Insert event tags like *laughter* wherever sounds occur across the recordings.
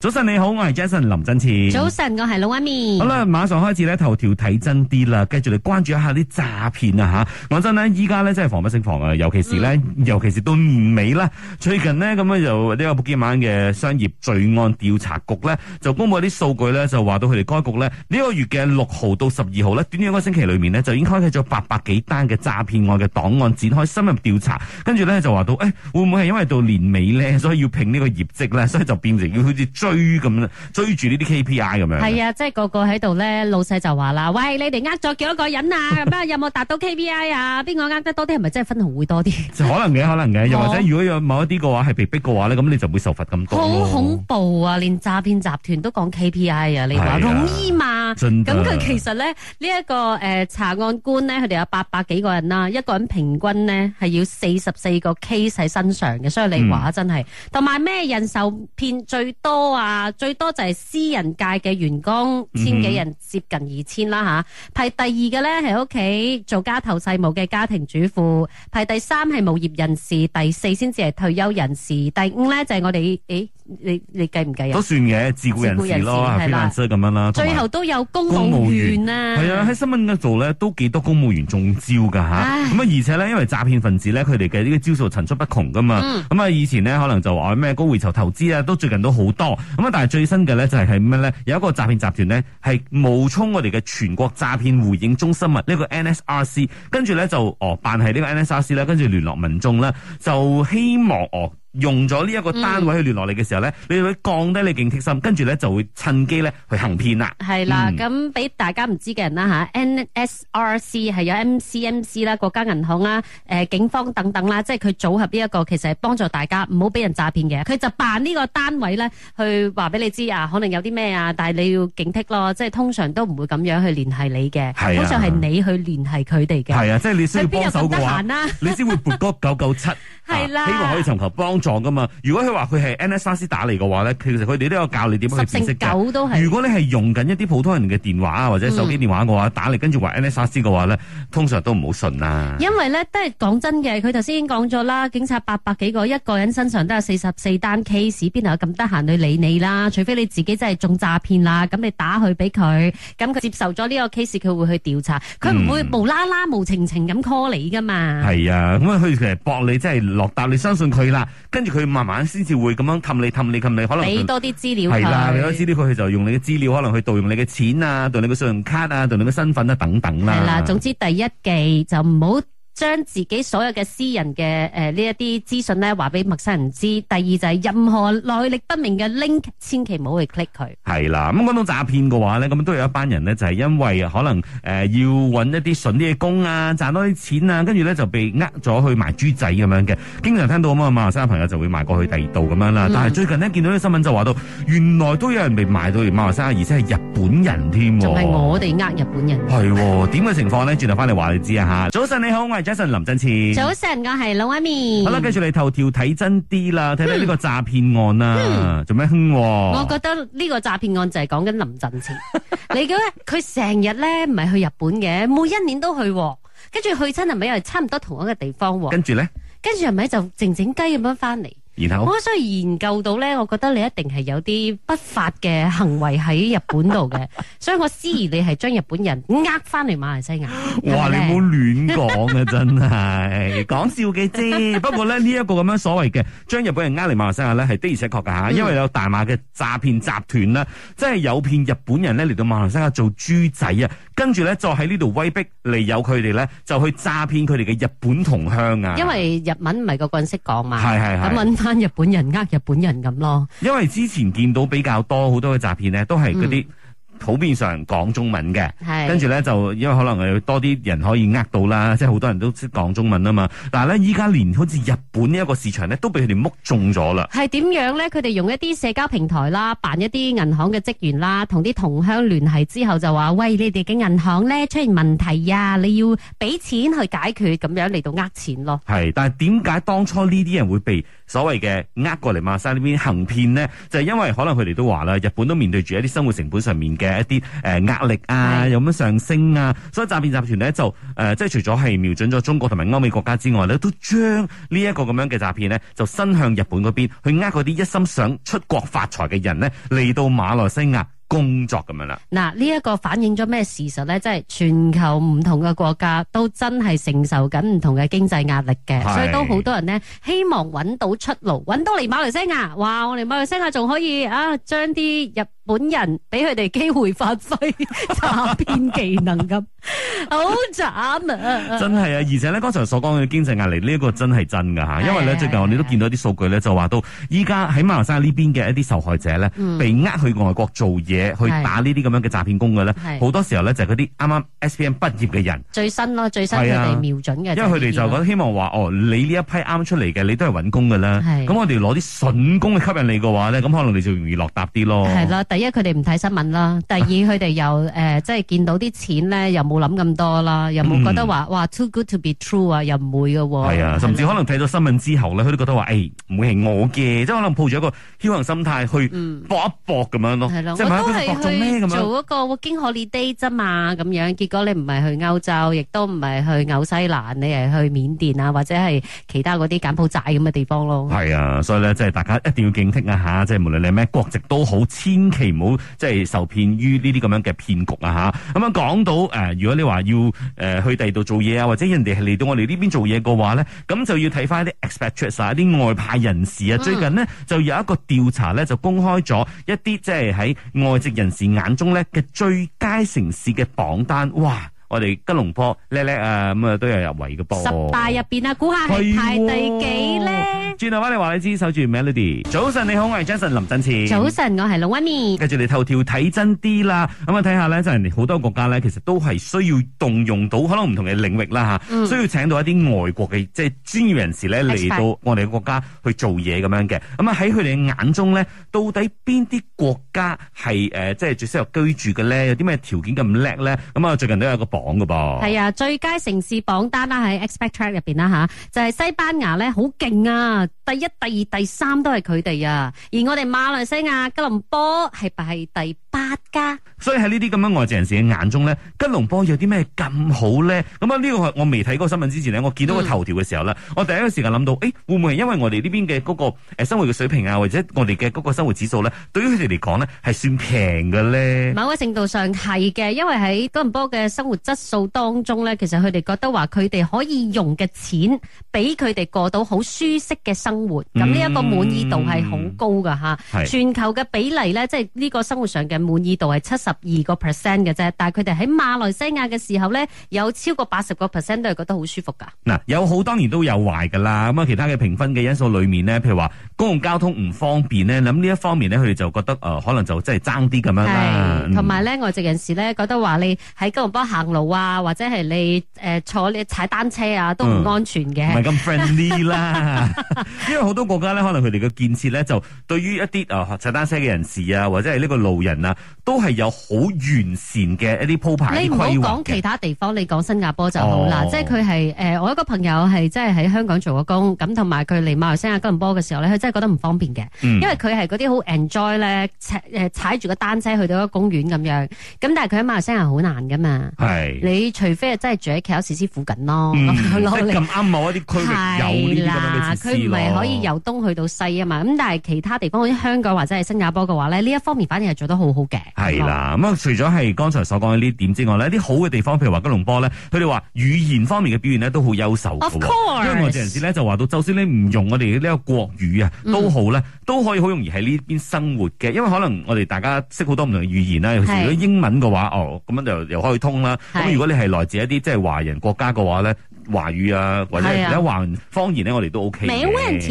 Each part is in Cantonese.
早晨你好，我係 Jason 林振前。早晨，我係老阿咪。好啦，馬上開始咧，頭條睇真啲啦，繼續嚟關注一下啲詐騙啊吓。講真呢，依家咧真係防不勝防啊，尤其是咧、嗯，尤其是到年尾啦，最近呢，咁樣就呢、這個布吉晚嘅商業罪案調查局咧，就公布啲數據咧，就話到佢哋該局呢，呢、這個月嘅六號到十二號呢，短短一個星期裏面呢，就已經開啟咗八百幾單嘅詐騙案嘅檔案，展開深入調查，跟住咧就話到誒、哎，會唔會係因為到年尾咧，所以要拼呢個業績咧，所以就變成要好似追咁追住呢啲 KPI 咁樣。係啊，即係個個喺度咧，老細就話啦，喂，你哋呃咗幾多個人啊？咁啊，有冇達到 KPI 啊？邊個呃得多啲？係咪真係分紅會多啲？可能嘅，可能嘅。又或者，如果有某一啲嘅話係被逼嘅話咧，咁你就會受罰咁多。好恐怖啊！連詐騙集團都講 KPI 啊？你話容易嘛？咁佢其實咧呢一、這個誒、呃、查案官咧，佢哋有八百幾個人啦，一個人平均咧係要四十四個 case 喺身上嘅，所以你話、嗯、真係。同埋咩人受騙最多啊？最多就係私人界嘅員工千幾人、嗯，接近二千啦吓。排第二嘅咧係屋企做家頭細務嘅家庭主婦，排第三係無業人士，第四先至係退休人士，第五咧就係、是、我哋誒。欸你你計唔計啊？都算嘅，自雇人士咯，非僱主咁樣啦。最後都有公務員啊，係啊，喺新聞嗰度咧都幾多公務員中招噶嚇。咁啊，而且咧，因為詐騙分子咧，佢哋嘅呢個招數層出不窮噶嘛。咁、嗯、啊，以前咧可能就話咩高回酬投資啊，都最近都好多。咁啊，但係最新嘅咧就係係咩咧？有一個詐騙集團咧係冒充我哋嘅全國詐騙回應中心啊，呢、呢個 NSRC。跟住咧就哦扮係呢個 NSRC 啦，跟住聯絡民眾啦，就希望哦。用咗呢一個單位去聯絡你嘅時候咧、嗯，你會降低你警惕心，跟住咧就會趁機咧去行騙啦。係啦，咁、嗯、俾大家唔知嘅人啦吓 NSRC 係有 MCMC 啦、國家銀行啦、呃、警方等等啦，即係佢組合呢一個其實係幫助大家唔好俾人詐騙嘅。佢就扮呢個單位咧，去話俾你知啊，可能有啲咩啊，但係你要警惕咯。即係通常都唔會咁樣去聯繫你嘅，通常係你去聯繫佢哋嘅。係啊，即係你需要幫手嘅話， *laughs* 你先會撥997。啊、希望可以尋求幫助。講噶嘛？如果佢話佢係 NSS 打嚟嘅話咧，其實佢哋都有教你點樣分析嘅。十成九都係。如果你係用緊一啲普通人嘅電話啊或者手機電話嘅話打嚟，跟住話 NSS 嘅話咧，通常都唔好信啦。因為咧都係講真嘅，佢頭先已經講咗啦，警察八百幾個，一個人身上都有四十四單 case，邊度有咁得閒去理你啦？除非你自己真係中詐騙啦，咁你打去俾佢，咁佢接受咗呢個 case，佢會去調查，佢唔會無啦啦無情情咁 call 你噶嘛。係啊，咁佢其實搏你真係落達，你相信佢啦。跟住佢慢慢先至會咁樣氹你氹你氹你,可能俾多啲資料佢。係啦、啊,俾多資料佢,佢就用你嘅資料,可能去盜用你嘅錢啊,盜你嘅信用卡啊,盜你嘅身份啊,等等啦、啊。係啦、啊,總之第一忌就唔好。將自己所有嘅私人嘅、誒、呃、呢一啲資訊咧，話俾陌生人知。第二就係任何來歷不明嘅 link，千祈唔好去 click 佢。係啦，咁講到詐騙嘅話咧，咁都有一班人呢，就係、是、因為可能誒、呃、要搵一啲筍啲嘅工啊，賺多啲錢啊，跟住咧就被呃咗去賣豬仔咁樣嘅。經常聽到咁啊，馬來西亞朋友就會賣過去第二度咁樣啦、嗯。但係最近呢，見到啲新聞就話到，原來都有人被賣到馬來西亞，而且係日本人添，仲係我哋呃日本人。係點嘅情況呢？轉頭翻嚟話你知啊吓，早晨你好，我係。早晨，林振詞。早晨，我係老阿咪。好啦，跟住嚟，頭條睇真啲啦，睇睇呢個詐騙案啦、啊嗯，做咩哼、啊？我覺得呢個詐騙案就係講緊林振詞。 *laughs* 你嘅？佢成日咧唔係去日本嘅，每一年都去、啊，跟住去親係咪又係差唔多同一個地方、啊？跟住咧？跟住係咪就靜靜雞咁樣翻嚟？我所以研究到咧，我覺得你一定係有啲不法嘅行為喺日本度嘅， *laughs* 所以我思疑你係將日本人呃翻嚟馬來西亞。 *laughs* 哇！你冇亂講啊，真係 *laughs* 講笑嘅而啫。 *laughs* 不過咧，呢、這、一個咁樣所謂嘅將日本人呃嚟馬來西亞咧，係的而且確㗎嚇，因為有大馬嘅詐騙集團啦，真、嗯、係有騙日本人咧嚟到馬來西亞做豬仔啊，跟住咧就喺呢度威逼利誘佢哋咧，就去詐騙佢哋嘅日本同鄉啊。因為日文唔係個個識講嘛，係係係嗯嗯翻日本人呃日本人咁咯，因為之前見到比較多好多嘅詐騙咧，都係嗰啲。嗯普遍上講中文嘅，跟住咧就因為可能係多啲人可以呃到啦，即係好多人都識講中文啊嘛。嗱咧，依家連好似日本呢一個市場咧，都俾佢哋剝中咗啦。係點樣咧？佢哋用一啲社交平台啦，扮一啲銀行嘅職員啦，同啲同鄉聯繫之後就話：喂，你哋嘅銀行咧，出現問題啊，你要俾錢去解決，咁樣嚟到呃錢咯。係，但係點解當初呢啲人會被所謂嘅呃過嚟馬來呢邊行騙呢？就係因為可能佢哋都話啦，日本都面對住一啲生活成本上面嘅。誒，一啲誒壓力啊，有咁樣上升啊，所以詐騙集團咧就誒，即係除咗係瞄準咗中國同埋歐美國家之外咧，都將呢一個咁樣嘅詐騙咧，就伸向日本嗰邊，去呃嗰啲一心想出國發財嘅人咧，嚟到馬來西亞工作咁樣啦。嗱，呢一個反映咗咩事實咧？即係全球唔同嘅國家都真係承受緊唔同嘅經濟壓力嘅，所以都好多人咧希望揾到出路，揾到嚟馬來西亞。哇！我嚟馬來西亞仲可以啊，將啲入本人俾佢哋機會發揮詐騙技能咁 *laughs* *laughs* 好慘啊！真係啊！而且咧，剛才所講嘅經濟壓力呢一、這個真係真噶吓，因為咧最近我哋都見到啲數據咧，就話到依家喺馬來西亞呢邊嘅一啲受害者咧，嗯、被呃去外國做嘢去打這些這呢啲咁樣嘅詐騙工嘅咧，好多時候咧就係嗰啲啱啱 S P M 畢業嘅人最新咯，最新佢哋瞄準嘅，因為佢哋就覺得希望話哦，你呢一批啱出嚟嘅，你都係揾工嘅啦，咁我哋攞啲笋工去吸引你嘅話咧，咁可能你就容易落搭啲咯，係啦。一佢哋唔睇新聞啦，第二佢哋、啊、又誒、呃，即係見到啲錢咧，又冇諗咁多啦，又冇覺得話、嗯、哇 too good to be true 又唔會嘅、係啊，又唔會嘅喎。係啊，甚至可能睇咗新聞之後咧，佢都覺得話誒唔會係我嘅，即係可能抱住一個僥幸心態去、嗯、搏一搏咁樣咯。係咯、啊，即係喺咩咁樣？做一個 working holiday 啫嘛，咁樣結果你唔係去歐洲，亦都唔係去紐西蘭，你係去緬甸啊，或者係其他嗰啲柬埔寨咁嘅地方咯。係啊，所以咧即係大家一定要警惕啊嚇！即係無論你係咩國籍都好，千祈。唔好即係受騙於呢啲咁樣嘅騙局啊！吓咁樣講到誒、呃，如果你話要誒、呃、去第二度做嘢，啊，或者人哋係嚟到我哋呢邊做嘢嘅話咧，咁就要睇翻啲 expatriate、啊、啲外派人士啊、嗯。最近呢，就有一個調查咧，就公開咗一啲即係喺外籍人士眼中咧嘅最佳城市嘅榜單。哇！我哋吉隆坡叻叻啊，咁啊都有入圍嘅噃。十大入邊啊，估下係排第幾咧？轉頭翻嚟話你知，守住 Melody。早晨你好，我係 Jason 林振次。早晨，我係 l u m e。繼續嚟頭條睇真啲啦，咁啊睇下咧，就係好多國家咧，其實都係需要動用到可能唔同嘅領域啦吓、嗯，需要請到一啲外國嘅即係專業人士咧嚟到我哋嘅國家去做嘢咁樣嘅。咁啊喺佢哋眼中咧，到底邊啲國家係誒即係最適合居住嘅咧？有啲咩條件咁叻咧？咁啊最近都有一個講噶噃，係啊，最佳城市榜單啦，喺 Expect Track 入邊啦吓，就係、係、西班牙咧好勁啊，第一、第二、第三都係佢哋啊，而我哋馬來西亞吉隆坡係唔係第？家，所以喺呢啲咁樣外籍人士嘅眼中咧，吉隆坡有啲咩咁好咧？咁啊，呢個我未睇過新聞之前咧，我見到個頭條嘅時候啦、嗯，我第一個時間諗到，誒，會唔會係因為我哋呢邊嘅嗰個誒生活嘅水平啊，或者我哋嘅嗰個生活指數咧，對於佢哋嚟講咧，係算平嘅咧？某個程度上係嘅，因為喺吉隆坡嘅生活質素當中咧，其實佢哋覺得話佢哋可以用嘅錢，俾佢哋過到好舒適嘅生活，咁呢一個滿意度係好高噶吓。全球嘅比例咧，即係呢個生活上嘅。滿意度係七十二個 percent 嘅啫，但係佢哋喺馬來西亞嘅時候咧，有超過八十個 percent 都係覺得好舒服噶。嗱、啊，有好當然都有壞㗎啦。咁啊，其他嘅評分嘅因素裏面咧，譬如話公共交通唔方便咧，諗呢一方面咧，佢哋就覺得誒、呃、可能就真係爭啲咁樣啦。同埋咧，外籍人士咧，覺得話你喺吉隆坡行路啊，或者係你誒、呃、坐你踩單車啊都唔安全嘅。唔咁 friendly 啦， *laughs* 因為好多國家咧，可能佢哋嘅建設咧就對於一啲誒、呃、踩單車嘅人士啊，或者係呢個路人啊。都係有好完善嘅一啲鋪排。你唔好講其他地方，你講新加坡就好啦。哦、即係佢係誒，我一個朋友係即係喺香港做過工，咁同埋佢嚟馬來西亞吉隆坡嘅時候咧，佢真係覺得唔方便嘅。嗯、因為佢係嗰啲好 enjoy 咧，踩誒踩住個單車去到一個公園咁樣。咁但係佢喺馬來西亞好難噶嘛。係，你除非真係住喺吉隆斯附近咯。咁、嗯、啱某一啲區域有這這。有。啦，佢唔係可以由東去到西啊嘛。咁但係其他地方，好似香港或者係新加坡嘅話咧，呢一方面反而係做得好。係啦。咁啊、嗯，除咗係剛才所講嘅呢點之外，呢啲好嘅地方，譬如話吉隆坡咧，佢哋話語言方面嘅表現咧都好優秀嘅。因為外籍人士咧就話到，就算你唔用我哋呢個國語啊，都好咧，mm. 都可以好容易喺呢邊生活嘅。因為可能我哋大家識好多唔同嘅語言啦。係。尤其如果英文嘅話，哦，咁樣就又可以通啦。咁如果你係來自一啲即係華人國家嘅話咧。華語啊，或者而家、啊、華人方言咧，我哋都 OK 嘅。美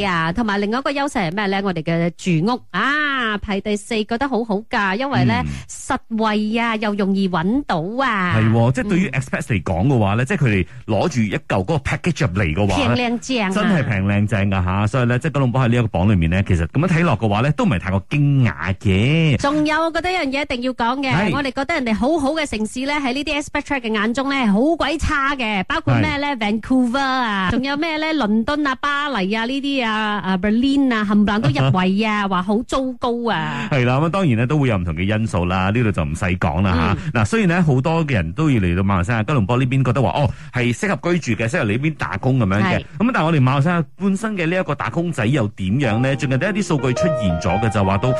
a 啊，同埋另外一個優勢係咩咧？我哋嘅住屋啊，排第四，覺得好好㗎，因為咧、嗯、實惠啊，又容易揾到啊。係喎、哦嗯，即係對於 expert 嚟講嘅話咧，即係佢哋攞住一嚿嗰個 package 嚟嘅話咧，平靚正，真係平靚正㗎、啊、嚇。所以咧，即係吉隆坡喺呢一個榜裏面咧，其實咁樣睇落嘅話咧，都唔係太過驚訝嘅。仲有我覺得一樣嘢一定要講嘅，我哋覺得人哋好好嘅城市咧，喺呢啲 expert 嘅眼中咧，好鬼差嘅，包括咩咧？Vancouver 啊，仲有咩咧？倫敦啊、巴黎啊呢啲啊，啊 Berlin 啊，冚唪唥都入圍啊，話好糟糕啊！係啦，咁啊，當然咧都會有唔同嘅因素啦。呢度就唔使講啦吓。嗱，雖然咧好多嘅人都要嚟到馬來西亞、吉隆坡呢邊，覺得話哦係適合居住嘅，適合嚟呢邊打工咁樣嘅。咁啊，但係我哋馬來西亞本身嘅呢一個打工仔又點樣咧？最近都有啲數據出現咗嘅，就話到誒，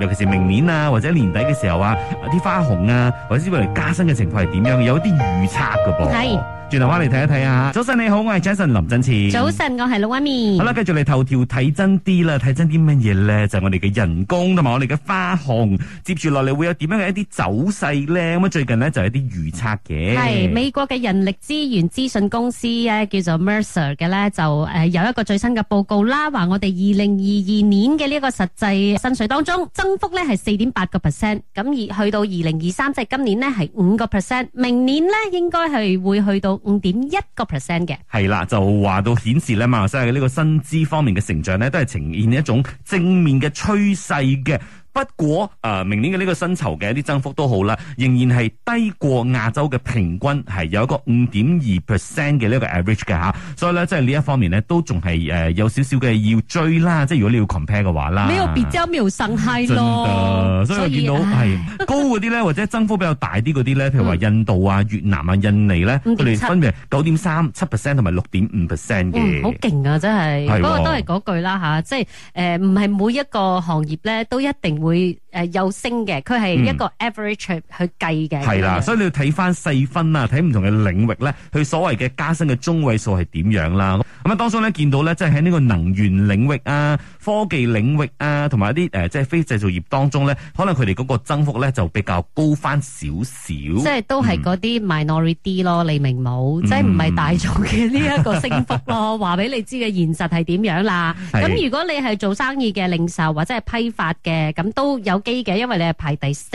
尤其是明年啊，或者年底嘅時候啊，啲花紅啊，或者之類加薪嘅情況係點樣？有一啲預測嘅噃。轉頭翻嚟睇一睇啊！早晨你好，我係 Jason 林振賜。早晨，我係老媽咪。好啦，繼續嚟頭條睇真啲啦，睇真啲乜嘢咧？就係我哋嘅人工同埋我哋嘅花紅，接住落嚟會有點樣嘅一啲走勢咧？咁啊，最近咧就係一啲預測嘅。係美國嘅人力資源資訊公司咧，叫做 Mercer 嘅咧，就誒有一個最新嘅報告啦，話我哋二零二二年嘅呢個實際薪水當中，增幅咧係四點八個 percent，咁而去到二零二三，即係今年呢係五個 percent，明年呢，應該係會去到。五點一個 percent 嘅，係啦，就話到顯示咧，馬來西亞嘅呢個薪資方面嘅成長咧，都係呈現一種正面嘅趨勢嘅。不過，誒、呃、明年嘅呢個薪酬嘅一啲增幅都好啦，仍然係低過亞洲嘅平均，係有一個五點二 percent 嘅呢個 average 嘅吓，所以咧即係呢一方面咧都仲係、呃、有少少嘅要追啦，即係如果你要 compare 嘅話啦，你要比較咪要上咯，所以我見到係高嗰啲咧，或者增幅比較大啲嗰啲咧，譬如話印度啊、嗯、越南啊、印尼咧，佢哋分別九點三七 percent 同埋六點五 percent 嘅，好勁、嗯、啊！真係，不過都係嗰句啦吓、啊，即係誒唔係每一個行業咧都一定。會誒有升嘅，佢係一個 average 去計嘅。係、嗯、啦，所以你要睇翻細分啊，睇唔同嘅領域咧，佢所謂嘅加薪嘅中位數係點樣啦。咁啊，當中咧見到咧，即係喺呢個能源領域啊。科技領域啊，同埋一啲誒，即係非製造業當中咧，可能佢哋嗰個增幅咧就比較高翻少少。即係都係嗰啲 minority 咯，你明冇？即係唔係大眾嘅呢一個升幅咯。話俾你知嘅現實係點樣啦。咁如果你係做生意嘅零售或者係批發嘅，咁都有機嘅，因為你係排第四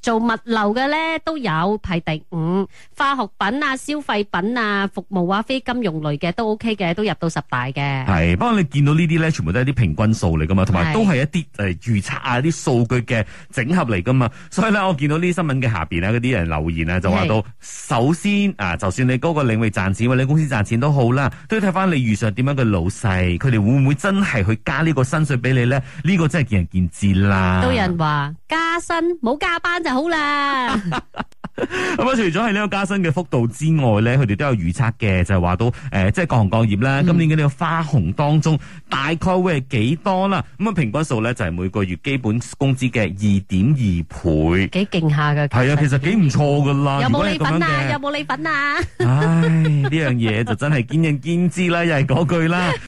做物流嘅咧，都有排第五，化學品啊、消費品啊、服務啊、非金融類嘅都 OK 嘅，都入到十大嘅。係不過你見到呢啲咧，全部都係啲平均數嚟噶嘛，同埋都係一啲誒預測啊，啲、呃、數據嘅整合嚟噶嘛，所以咧我見到呢啲新聞嘅下邊啊，嗰啲人留言啊，就話到首先啊，就算你嗰個領域賺錢，或者你公司賺錢都好啦，都要睇翻你遇上點樣嘅老細，佢哋會唔會真係去加個呢個薪水俾你咧？呢、這個真係見仁見智啦。都有人話加薪冇加班就好啦。 *laughs* 咁啊，除咗係呢個加薪嘅幅度之外咧，佢哋都有預測嘅，就係話到誒，即、呃、係、就是、各行各業啦。今年嘅呢個花紅當中大概會係幾多啦？咁、嗯、啊、嗯，平均數咧就係每個月基本工資嘅二點二倍，幾勁下噶，係啊，其實幾唔錯噶啦。有冇禮品啊？有冇禮品啊？ *laughs* 唉，呢樣嘢就真係見仁見智啦， *laughs* 又係嗰句啦。